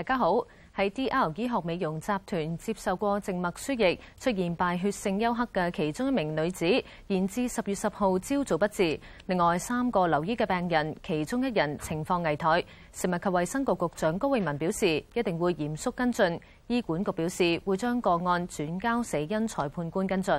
大家好，喺 D.R. 醫學美容集團接受過靜脈輸液，出現敗血性休克嘅其中一名女子，延至十月十號朝早不治。另外三個留醫嘅病人，其中一人情況危殆。食物及衛生局局長高永文表示，一定會嚴肅跟進。醫管局表示會將個案轉交死因裁判官跟進。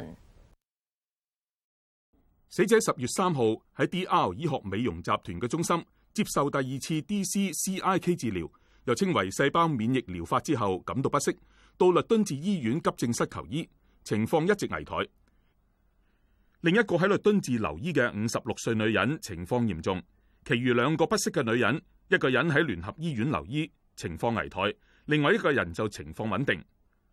死者十月三號喺 D.R. 醫學美容集團嘅中心接受第二次 DC-CIK 治療。又稱為細胞免疫療法之後感到不適，到律敦治醫院急症室求醫，情況一直危殆。另一個喺律敦治留醫嘅五十六歲女人情況嚴重，其餘兩個不適嘅女人，一個人喺聯合醫院留醫，情況危殆；另外一個人就情況穩定。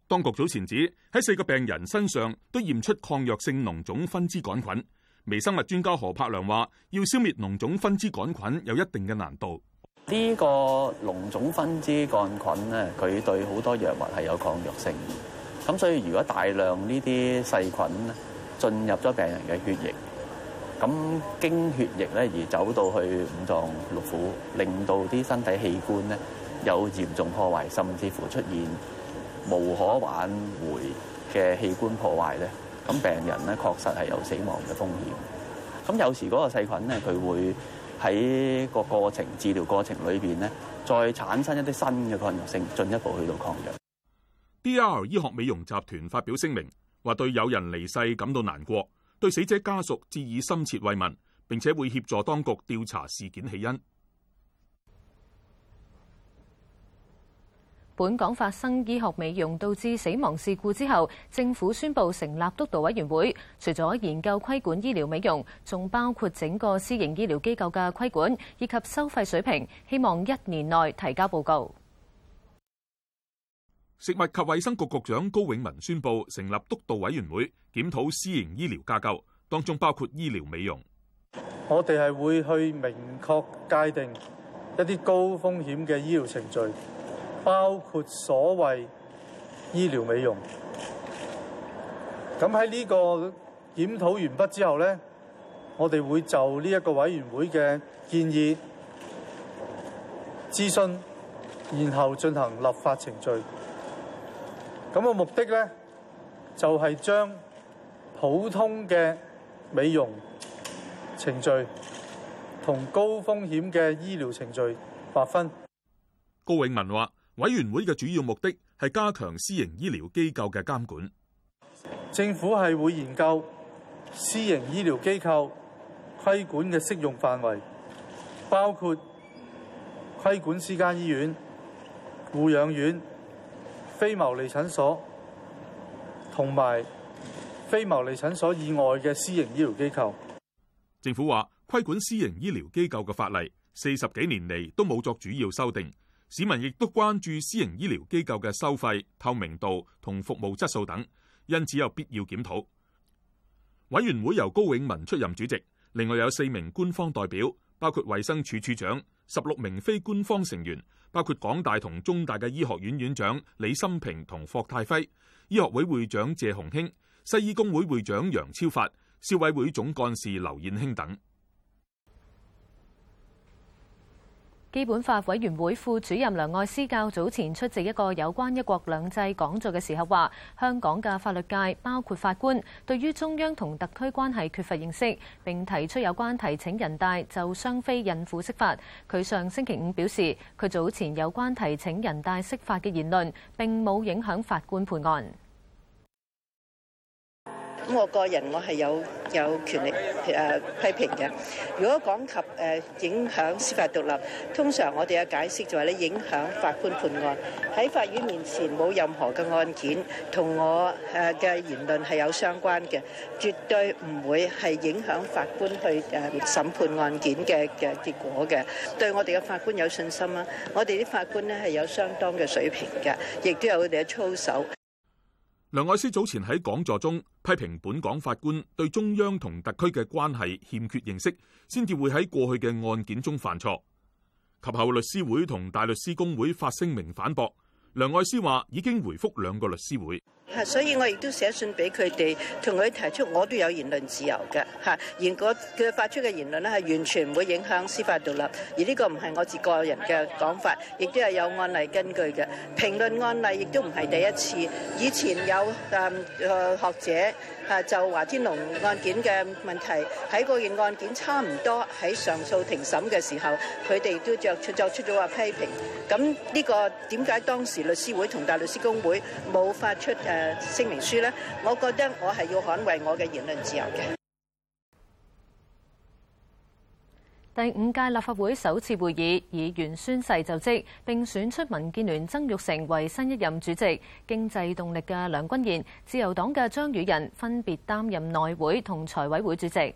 當局早前指喺四個病人身上都驗出抗藥性膿腫分支桿菌，微生物專家何柏良話：要消滅膿腫分支桿菌有一定嘅難度。呢個膿腫分支桿菌咧，佢對好多藥物係有抗藥性嘅。咁所以如果大量呢啲細菌咧進入咗病人嘅血液，咁經血液咧而走到去五臟六腑，令到啲身體器官咧有嚴重破壞，甚至乎出現無可挽回嘅器官破壞咧，咁病人咧確實係有死亡嘅風險。咁有時嗰個細菌咧，佢會，喺個過程治療過程裏面，呢再產生一啲新嘅抗藥性，進一步去到抗藥。DR 醫學美容集團發表聲明，話對有人離世感到難過，對死者家屬致以深切慰問，並且會協助當局調查事件起因。本港發生醫學美容導致死亡事故之後，政府宣布成立督導委員會，除咗研究規管醫療美容，仲包括整個私營醫療機構嘅規管以及收費水平，希望一年內提交報告。食物及衛生局局局長高永文宣布成立督導委員會，檢討私營醫療架構，當中包括醫療美容。我哋係會去明確界定一啲高風險嘅醫療程序。包括所謂醫療美容，咁喺呢個檢討完畢之後呢，我哋會就呢一個委員會嘅建議諮詢，然後進行立法程序。咁個目的呢，就係將普通嘅美容程序同高風險嘅醫療程序劃分。高永文話。委員會嘅主要目的係加強私營醫療機構嘅監管。政府係會研究私營醫療機構規管嘅適用範圍，包括規管私家醫院、護養院、非牟利診所，同埋非牟利診所以外嘅私營醫療機構。政府話，規管私營醫療機構嘅法例四十幾年嚟，都冇作主要修訂。市民亦都關注私營醫療機構嘅收費透明度同服務質素等，因此有必要檢討。委員會由高永文出任主席，另外有四名官方代表，包括衛生署署長；十六名非官方成員，包括港大同中大嘅醫學院院長李心平同霍泰輝、醫學會會長謝鴻興、西醫工會會長楊超發、消委會總幹事劉燕卿等。基本法委員會副主任梁愛詩較早前出席一個有關一國兩制講座嘅時候話，香港嘅法律界包括法官對於中央同特區關係缺乏認識，並提出有關提請人大就雙非孕婦釋法。佢上星期五表示，佢早前有關提請人大釋法嘅言論並冇影響法官判案。咁我個人我係有有權力誒批評嘅。如果講及誒影響司法獨立，通常我哋嘅解釋就話咧影響法官判案，喺法院面前冇任何嘅案件同我誒嘅言論係有相關嘅，絕對唔會係影響法官去誒審判案件嘅嘅結果嘅。對我哋嘅法官有信心啦，我哋啲法官咧係有相當嘅水平嘅，亦都有佢哋嘅操守。梁愛詩早前喺講座中批評本港法官對中央同特區嘅關係欠缺認識，先至會喺過去嘅案件中犯錯。及後，律師會同大律師公會發聲明反駁。梁愛詩話已經回覆兩個律師會。係，所以我亦都寫信俾佢哋，同佢提出我都有言論自由嘅，哈！如果佢發出嘅言論咧，係完全唔會影響司法獨立，而呢個唔係我自己個人嘅講法，亦都係有案例根據嘅。評論案例亦都唔係第一次，以前有誒學者啊，就華天龍案件嘅問題，喺個件案件差唔多喺上訴庭審嘅時候，佢哋都作出作出咗話批評。咁呢個點解當時律師會同大律師公會冇發出誒？誒聲明書咧，我覺得我係要捍衞我嘅言論自由嘅。第五屆立法會首次會議議員宣誓就職，並選出民建聯曾玉成為新一任主席，經濟動力嘅梁君彥、自由黨嘅張宇人分別擔任內會同財委會主席。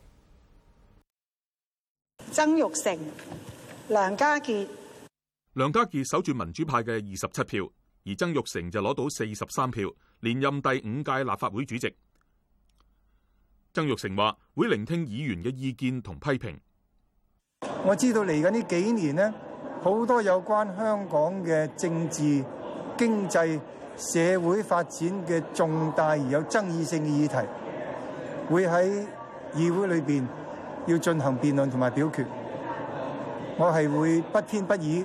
曾玉成、梁家傑、梁家傑守住民主派嘅二十七票，而曾玉成就攞到四十三票。連任第五屆立法會主席曾玉成話：會聆聽議員嘅意見同批評。我知道嚟緊呢幾年咧，好多有關香港嘅政治、經濟、社會發展嘅重大而有爭議性嘅議題，會喺議會裏邊要進行辯論同埋表決。我係會不偏不倚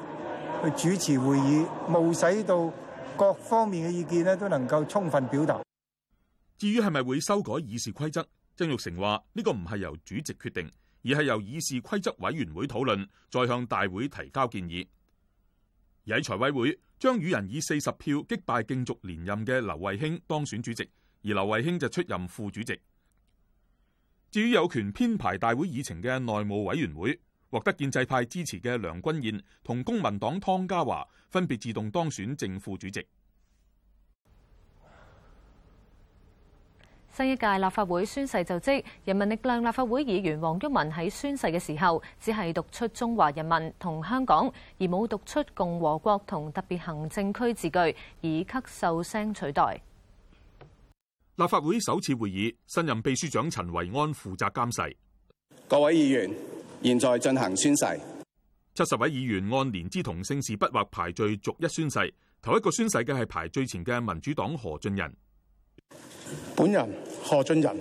去主持會議，冇使到。各方面嘅意見都能夠充分表達。至於係咪會修改議事規則，曾玉成話呢個唔係由主席決定，而係由議事規則委員會討論，再向大會提交建議。而喺財委會將與人以四十票擊敗競逐連任嘅劉慧卿當選主席，而劉慧卿就出任副主席。至於有權編排大會議程嘅內務委員會。獲得建制派支持嘅梁君彥同公民黨湯家驊分別自動當選正副主席。新一屆立法會宣誓就職，人民力量立法會議員黃毓民喺宣誓嘅時候，只係讀出中華人民同香港，而冇讀出共和國同特別行政區字句，以咳嗽聲取代。立法會首次會議，新任秘書長陳維安負責監誓。各位議員。現在進行宣誓，七十位議員按年資，同姓氏筆畫排序逐一宣誓。頭一個宣誓嘅係排最前嘅民主黨何俊仁。本人何俊仁，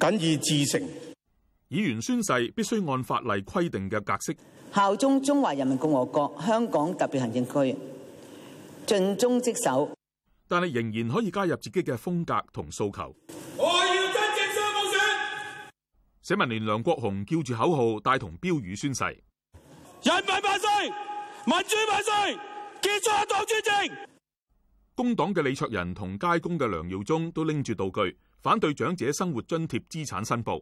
謹以至誠。議員宣誓必須按法例規定嘅格式，效忠中華人民共和國香港特別行政區，盡忠職守。但係仍然可以加入自己嘅風格同訴求。社民連梁國雄叫住口號，帶同標語宣誓。人民萬歲，民主萬歲，結束黨專政。工黨嘅李卓人同街工嘅梁耀忠都拎住道具，反對長者生活津貼資產申報。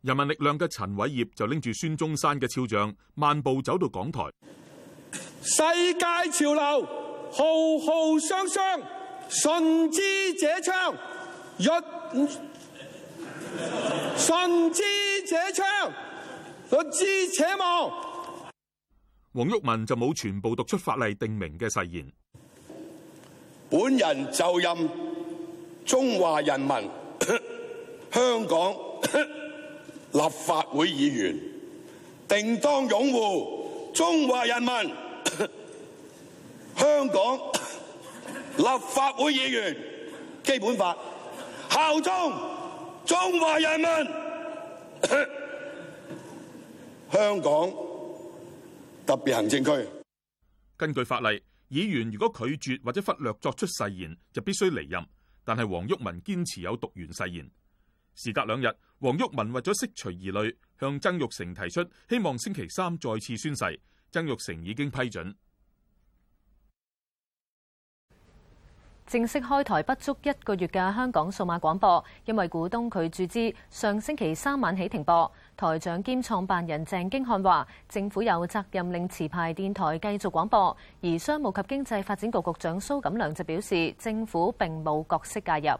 人民力量嘅陳偉業就拎住孫中山嘅肖像，漫步走到港台。世界潮流浩浩湯湯，順之者昌。一順之者昌，逆之者亡。黃毓民就冇全部讀出法例定明嘅誓言。本人就任中華人民香港立法會議員，定當擁護中華人民香港立法會議員基本法，效忠。中華人民，香港特別行政區。根據法例，議員如果拒絕或者忽略作出誓言，就必須離任。但係黃毓民堅持有讀完誓言。事隔兩日，黃毓民為咗釋除疑慮，向曾鈺成提出希望星期三再次宣誓，曾鈺成已經批准。正式開台不足一個月嘅香港數碼廣播，因為股東拒注資，上星期三晚起停播。台長兼創辦人鄭經翰話：政府有責任令持牌電台繼續廣播。而商務及經濟發展局局長蘇錦樑就表示，政府並冇角色介入。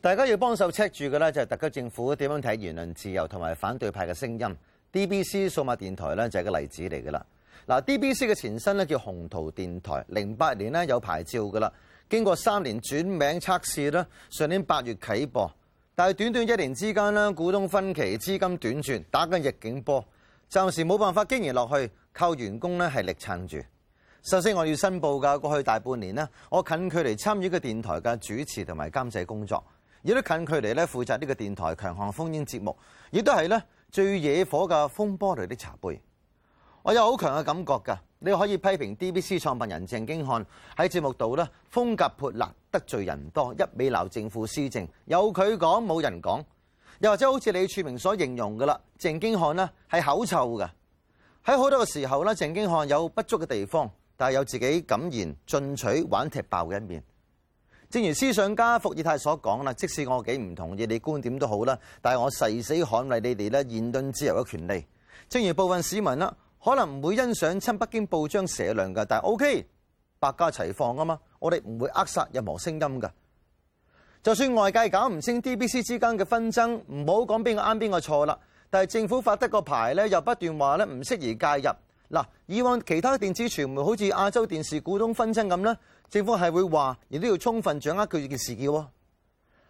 大家要幫手 check 住嘅呢，就係特區政府點樣睇言論自由同埋反對派嘅聲音。DBC 數碼電台咧就係個例子嚟㗎啦。嗱，DBC 嘅前身咧叫雄濤電台，零八年咧有牌照㗎啦。經過三年轉名測試咧，上年八月啟播，但係短短一年之間呢，股東分歧、資金短轉，打緊逆境波，暫時冇辦法經營落去，靠員工咧係力撐住。首先我要申報㗎，過去大半年呢，我近距離參與個電台嘅主持同埋監製工作，亦都近距離咧負責呢個電台強項烽煙節目，亦都係咧。最惹火嘅風波裏的茶杯，我有好強嘅感覺㗎。你可以批評 DBC 創辦人鄭經翰喺節目度咧風格潑辣，得罪人多，一味鬧政府施政，有佢講冇人講，又或者好似李柱銘所形容嘅啦，鄭經翰咧係口臭嘅。喺好多嘅時候咧，鄭經翰有不足嘅地方，但係有自己敢言、進取、玩踢爆嘅一面。正如思想家伏爾泰所講啦，即使我幾唔同意你觀點都好啦，但係我誓死捍衞你哋咧言論自由嘅權利。正如部分市民啦，可能唔會欣賞親北京報章社論㗎，但係 O K，百家齊放啊嘛，我哋唔會扼殺任何聲音㗎。就算外界搞唔清 DBC 之間嘅紛爭，唔好講邊個啱邊個錯啦，但係政府發得個牌咧，又不斷話咧唔適宜介入。嗱，以往其他電子傳媒好似亞洲電視股東紛爭咁咧，政府係會話，亦都要充分掌握佢嘅事件喎。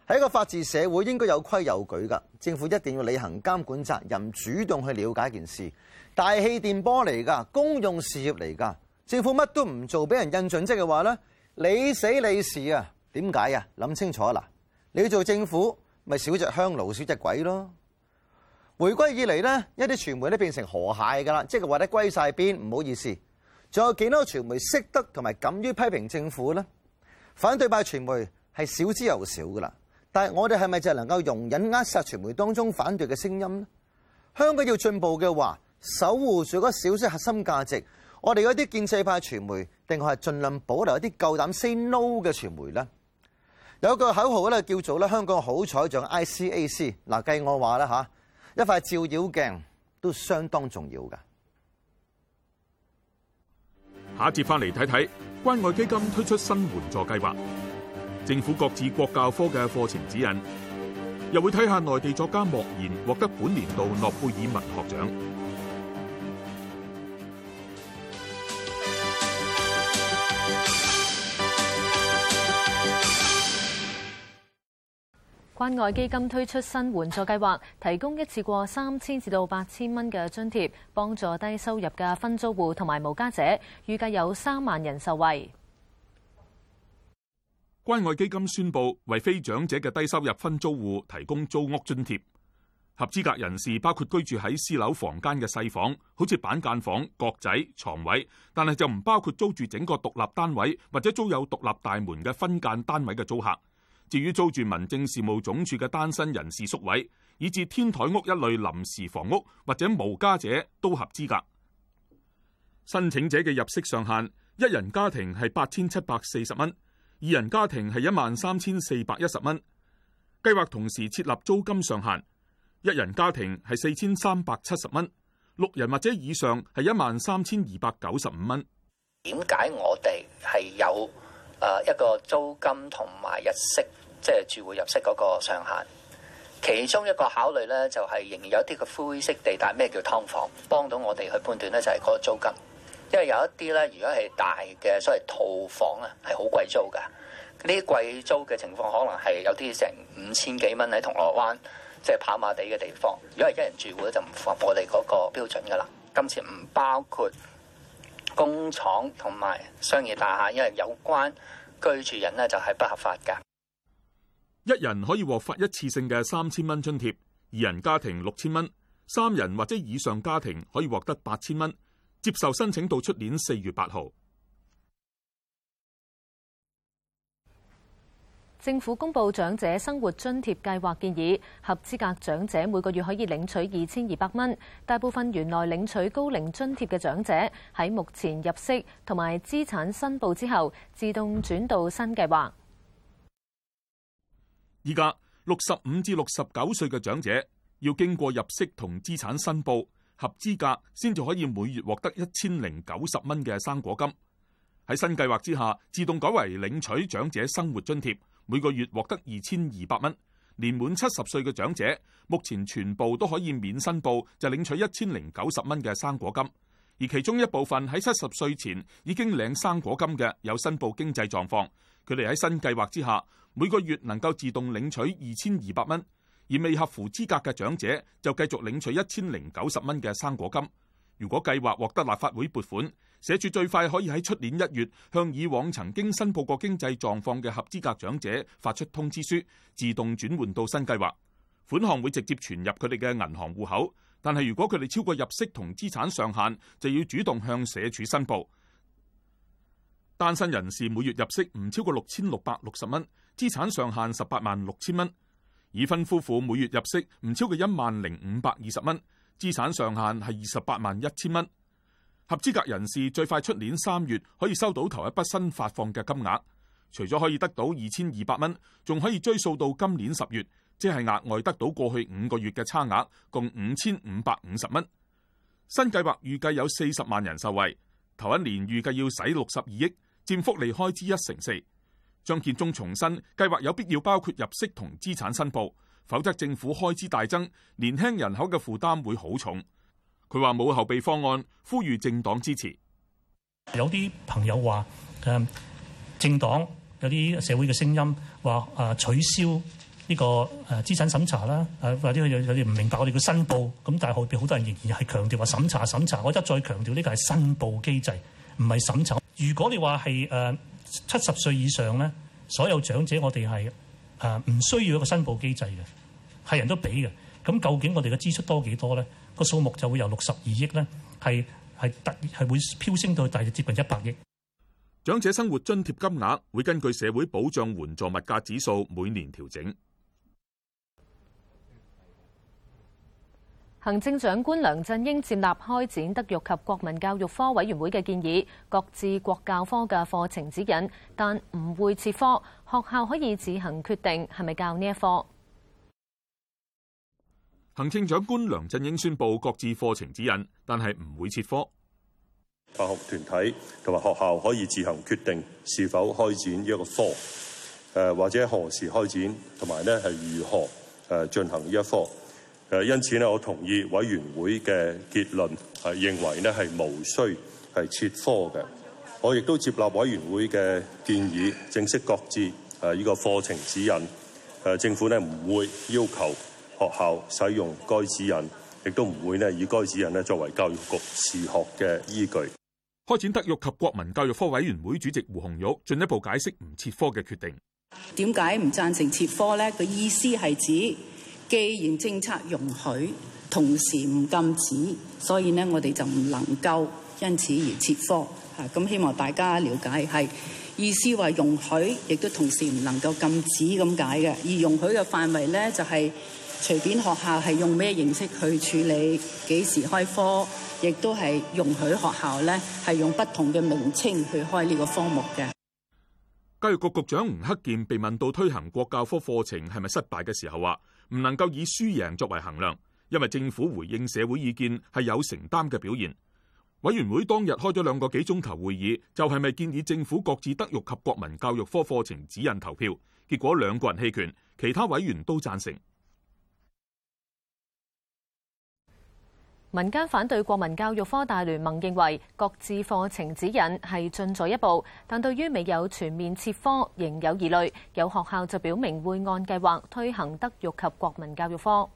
喺一個法治社會應該有規有矩㗎，政府一定要履行監管責任，主動去了解件事。大氣電波嚟㗎，公用事業嚟㗎，政府乜都唔做，俾人印象即係話咧，你死你事啊？點解啊？諗清楚啊！嗱，你要做政府，咪少隻香爐，少隻鬼咯。回歸以嚟呢一啲傳媒咧變成河蟹噶啦，即係話咧歸晒邊，唔好意思。仲有幾多個傳媒識得同埋敢於批評政府呢？反對派嘅傳媒係少之又少噶啦。但係我哋係咪就能夠容忍扼殺傳媒當中反對嘅聲音呢？香港要進步嘅話，守護住嗰少少核心價值，我哋嗰啲建制派嘅傳媒，定係盡量保留一啲夠膽 say no 嘅傳媒呢？有一個口號咧，叫做咧香港好彩像 ICAC，像 I C A C 嗱，計我話啦嚇。一塊照妖鏡都相當重要噶。下一節翻嚟睇睇，關愛基金推出新援助計劃，政府擱置國教科嘅課程指引，又會睇下內地作家莫言獲得本年度諾貝爾文學獎。關愛基金推出新援助計劃，提供一次過三千至到八千蚊嘅津貼，幫助低收入嘅分租戶同埋無家者，預計有三萬人受惠。關愛基金宣布為非長者嘅低收入分租戶提供租屋津貼，合資格人士包括居住喺私樓房間嘅細房，好似板間房、閣仔、床位，但係就唔包括租住整個獨立單位或者租有獨立大門嘅分間單位嘅租客。至於租住民政事務總署嘅單身人士宿位，以至天台屋一類臨時房屋或者無家者都合資格。申請者嘅入息上限，一人家庭係八千七百四十蚊，二人家庭係一萬三千四百一十蚊。計劃同時設立租金上限，一人家庭係四千三百七十蚊，六人或者以上係一萬三千二百九十五蚊。點解我哋係有誒一個租金同埋日息？即係住戶入息嗰個上限，其中一個考慮咧就係仍然有啲個灰色地帶。咩叫劏房？幫到我哋去判斷咧，就係個租金，因為有一啲咧，如果係大嘅所謂套房啊，係好貴租㗎。呢啲貴租嘅情況，可能係有啲成五千幾蚊喺銅鑼灣，即係跑馬地嘅地方。如果係一人住戶咧，就唔符合我哋嗰個標準㗎啦。今次唔包括工廠同埋商業大廈，因為有關居住人咧就係不合法㗎。一人可以獲發一次性嘅三千蚊津貼，二人家庭六千蚊，三人或者以上家庭可以獲得八千蚊。接受申請到出年四月八號。政府公布長者生活津貼計劃建議，合資格長者每個月可以領取二千二百蚊。大部分原來領取高齡津貼嘅長者喺目前入息同埋資產申報之後，自動轉到新計劃。依家六十五至六十九歲嘅長者要經過入息同資產申報合資格，先至可以每月獲得一千零九十蚊嘅生果金。喺新計劃之下，自動改為領取長者生活津貼，每個月獲得二千二百蚊。年滿七十歲嘅長者，目前全部都可以免申報就領取一千零九十蚊嘅生果金。而其中一部分喺七十歲前已經領生果金嘅，有申報經濟狀況。佢哋喺新計劃之下，每個月能夠自動領取二千二百蚊；而未合乎資格嘅長者就繼續領取一千零九十蚊嘅生果金。如果計劃獲得立法會撥款，社署最快可以喺出年一月向以往曾經申報過經濟狀況嘅合資格長者發出通知書，自動轉換到新計劃，款項會直接存入佢哋嘅銀行戶口。但係如果佢哋超過入息同資產上限，就要主動向社署申報。單身人士每月入息唔超過六千六百六十蚊，資產上限十八萬六千蚊；已婚夫婦每月入息唔超過一萬零五百二十蚊，資產上限係二十八萬一千蚊。合資格人士最快出年三月可以收到頭一筆新發放嘅金額，除咗可以得到二千二百蚊，仲可以追溯到今年十月，即係額外得到過去五個月嘅差額，共五千五百五十蚊。新計劃預計有四十萬人受惠，頭一年預計要使六十二億。佔福利開支一成四，張建忠重申計劃有必要包括入息同資產申報，否則政府開支大增，年輕人口嘅負擔會好重。佢話冇後備方案，呼籲政黨支持。有啲朋友話誒，政黨有啲社會嘅聲音話啊取消呢個誒資產審查啦，誒或者有有啲唔明白我哋嘅申報咁，但係後邊好多人仍然係強調話審查審查。我一再強調呢個係申報機制，唔係審查。如果你話係誒七十歲以上咧，所有長者我哋係誒唔需要一個申報機制嘅，係人都俾嘅。咁究竟我哋嘅支出多幾多咧？個數目就會由六十二億咧，係係突然係會飆升到大約接近一百億。長者生活津貼金額會根據社會保障援助物價指數每年調整。行政長官梁振英接納開展德育及國民教育科委員會嘅建議，擱置國教科嘅課程指引，但唔會設科，學校可以自行決定係咪教呢一科。行政長官梁振英宣佈擱置課程指引，但係唔會設科，辦學團體同埋學校可以自行決定是否開展呢一個科，誒或者何時開展，同埋咧係如何誒進行呢一科。因此咧，我同意委員會嘅結論，係認為咧係無需係撤科嘅。我亦都接納委員會嘅建議，正式確立誒呢個課程指引。誒政府咧唔會要求學校使用該指引，亦都唔會咧以該指引咧作為教育局視學嘅依據。開展德育及國民教育科委員會主席胡紅玉進一步解釋唔撤科嘅決定。點解唔贊成撤科呢？佢意思係指。既然政策容許，同時唔禁止，所以呢，我哋就唔能夠因此而撤科吓。咁希望大家了解，係意思話容許，亦都同時唔能夠禁止咁解嘅。而容許嘅範圍呢，就係隨便學校係用咩形式去處理，幾時開科，亦都係容許學校呢，係用不同嘅名稱去開呢個科目嘅。教育局局長吳克儉被問到推行國教科課，課程係咪失敗嘅時候，話。唔能夠以輸贏作為衡量，因為政府回應社會意見係有承擔嘅表現。委員會當日開咗兩個幾鐘頭會議，就係、是、咪建議政府擱置德育及國民教育科課程指引投票？結果兩個人棄權，其他委員都贊成。民間反對國民教育科大聯盟認為，擱置課程指引係進咗一步，但對於未有全面撤科，仍有疑慮。有學校就表明會按計劃推行德育及國民教育科。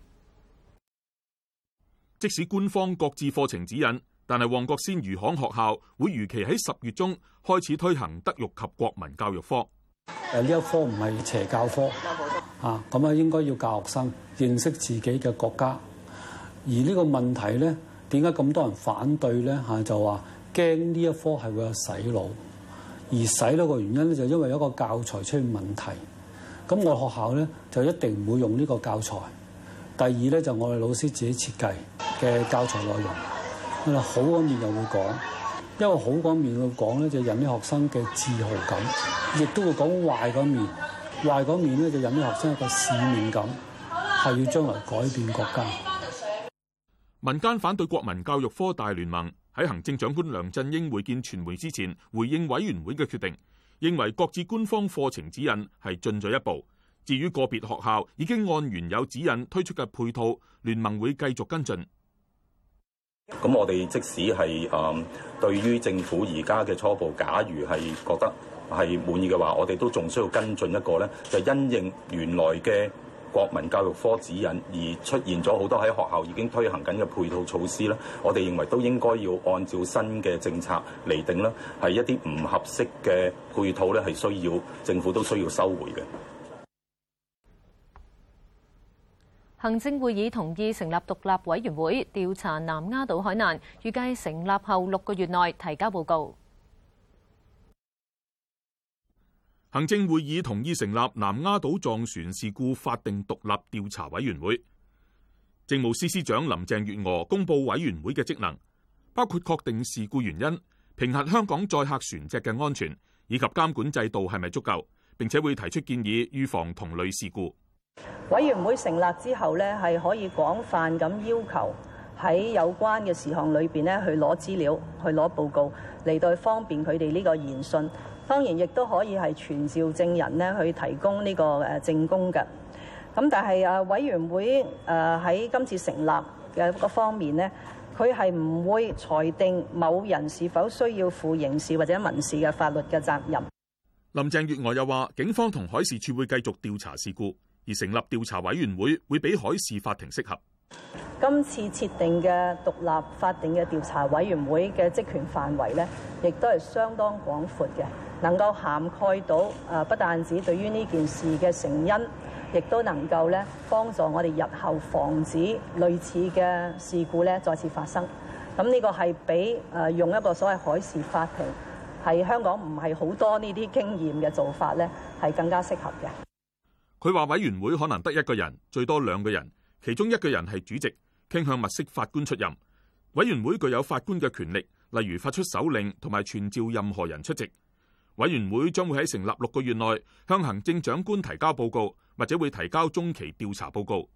即使官方擱置課程指引，但係旺角鮮魚行學校會如期喺十月中開始推行德育及國民教育科。誒呢一科唔係邪教科啊！咁啊，應該要教學生認識自己嘅國家。而呢個問題咧，點解咁多人反對咧？就話驚呢一科係會有洗腦，而洗腦個原因咧就因為一個教材出現問題。咁我哋學校咧就一定唔會用呢個教材。第二咧就我哋老師自己設計嘅教材內容。我好嗰面又會講，因為好嗰面會講咧就引啲學生嘅自豪感，亦都會講壞嗰面。壞嗰面咧就引啲學生一個使命感，係要將來改變國家。民間反對國民教育科大聯盟喺行政長官梁振英會見傳媒之前回應委員會嘅決定，認為擱置官方課程指引係進咗一步。至於個別學校已經按原有指引推出嘅配套，聯盟會繼續跟進。咁我哋即使係誒，對於政府而家嘅初步，假如係覺得係滿意嘅話，我哋都仲需要跟進一個咧，就因應原來嘅。國民教育科指引而出現咗好多喺學校已經推行緊嘅配套措施咧，我哋認為都應該要按照新嘅政策嚟定啦，係一啲唔合適嘅配套咧，係需要政府都需要收回嘅。行政會議同意成立獨立委員會調查南丫島海難，預計成立後六個月內提交報告。行政會議同意成立南丫島撞船事故法定獨立調查委員會。政務司司長林鄭月娥公布委員會嘅職能，包括確定事故原因、評核香港載客船隻嘅安全以及監管制度係咪足夠，並且會提出建議預防同類事故。委員會成立之後呢係可以廣泛咁要求喺有關嘅事項裏邊呢去攞資料、去攞報告嚟，到方便佢哋呢個研訊。當然，亦都可以係傳召證人咧，去提供呢個誒證供嘅。咁但係誒委員會誒喺今次成立嘅一個方面咧，佢係唔會裁定某人是否需要負刑事或者民事嘅法律嘅責任。林鄭月娥又話：警方同海事處會繼續調查事故，而成立調查委員會會比海事法庭適合。今次設定嘅獨立法定嘅調查委員會嘅職權範圍呢，亦都係相當廣闊嘅，能夠涵蓋到誒，不但止對於呢件事嘅成因，亦都能夠呢幫助我哋日後防止類似嘅事故再次發生。咁呢個係比誒用一個所謂海事法庭，係香港唔係好多呢啲經驗嘅做法呢，係更加適合嘅。佢話委員會可能得一個人，最多兩個人。其中一個人係主席，傾向物色法官出任。委員會具有法官嘅權力，例如發出手令同埋傳召任何人出席。委員會將會喺成立六個月內向行政長官提交報告，或者會提交中期調查報告。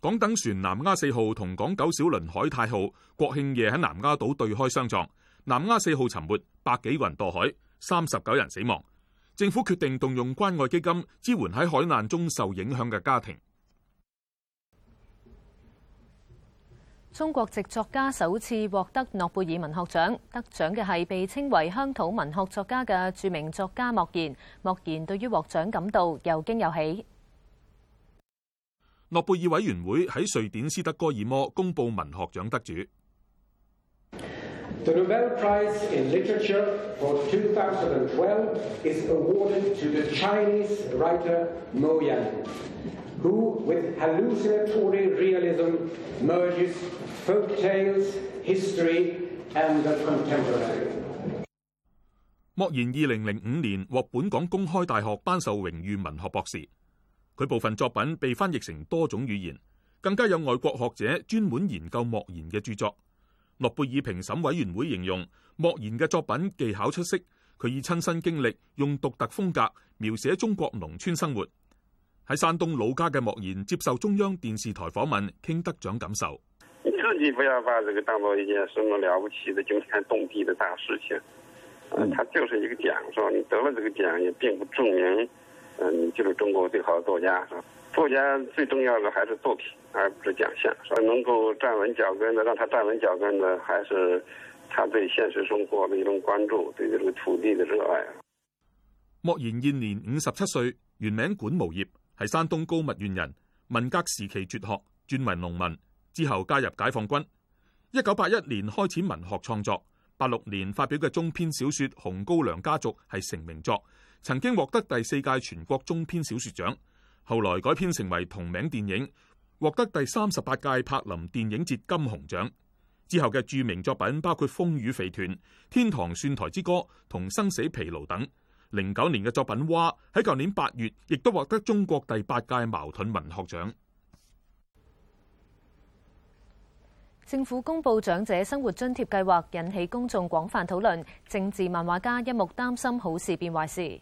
港等船南丫四號同港九小輪海泰號國慶夜喺南丫島對開相撞，南丫四號沉沒，百幾人墮海，三十九人死亡。政府決定動用關愛基金支援喺海難中受影響嘅家庭。中國籍作家首次獲得諾貝爾文學獎，得獎嘅係被稱為鄉土文學作家嘅著名作家莫言。莫言對於獲獎感到又驚又喜。諾貝爾委員會喺瑞典斯德哥爾摩公布文學獎得主。The Nobel Prize in Literature for 2012 is awarded to the Chinese writer Mo Yan. Who with hallucinatory realism merges folk tales, history and the contemporary. 莫言二零零五年獲本港公開大學頒授榮譽文學博士。佢部分作品被翻譯成多種語言，更加有外國學者專門研究莫言嘅著作。諾貝爾評審委員會形容莫言嘅作品技巧出色，佢以親身經歷用獨特風格描寫中國農村生活。喺山東老家嘅莫言接受中央電視台訪問，傾得獎感受。你自己不要把這個當作一件什麼了不起的驚天動地的大事情。嗯，他就是一個獎，是吧？你得了這個獎也並不證明，嗯，你就是中國最好作家，作家最重要的還是作品，而不是獎項。所以能夠站穩腳跟的，讓他站穩腳跟的，還是他對現實生活的一種關注，對這個土地的熱愛。莫言現年五十七歲，原名管謨業。係山東高密縣人，文革時期輟學，轉為農民，之後加入解放軍。一九八一年開始文學創作，八六年發表嘅中篇小說《紅高粱家族》係成名作，曾經獲得第四屆全國中篇小說獎，後來改編成為同名電影，獲得第三十八屆柏林電影節金熊獎。之後嘅著名作品包括《豐乳肥臀》、《天堂蒜薹之歌》、同《生死疲勞》等。零九年嘅作品《蛙》，喺舊年八月亦都獲得中國第八屆茅盾文學獎。政府公布長者生活津貼計劃，引起公眾廣泛討論。政治漫畫家一目擔心好事變壞事。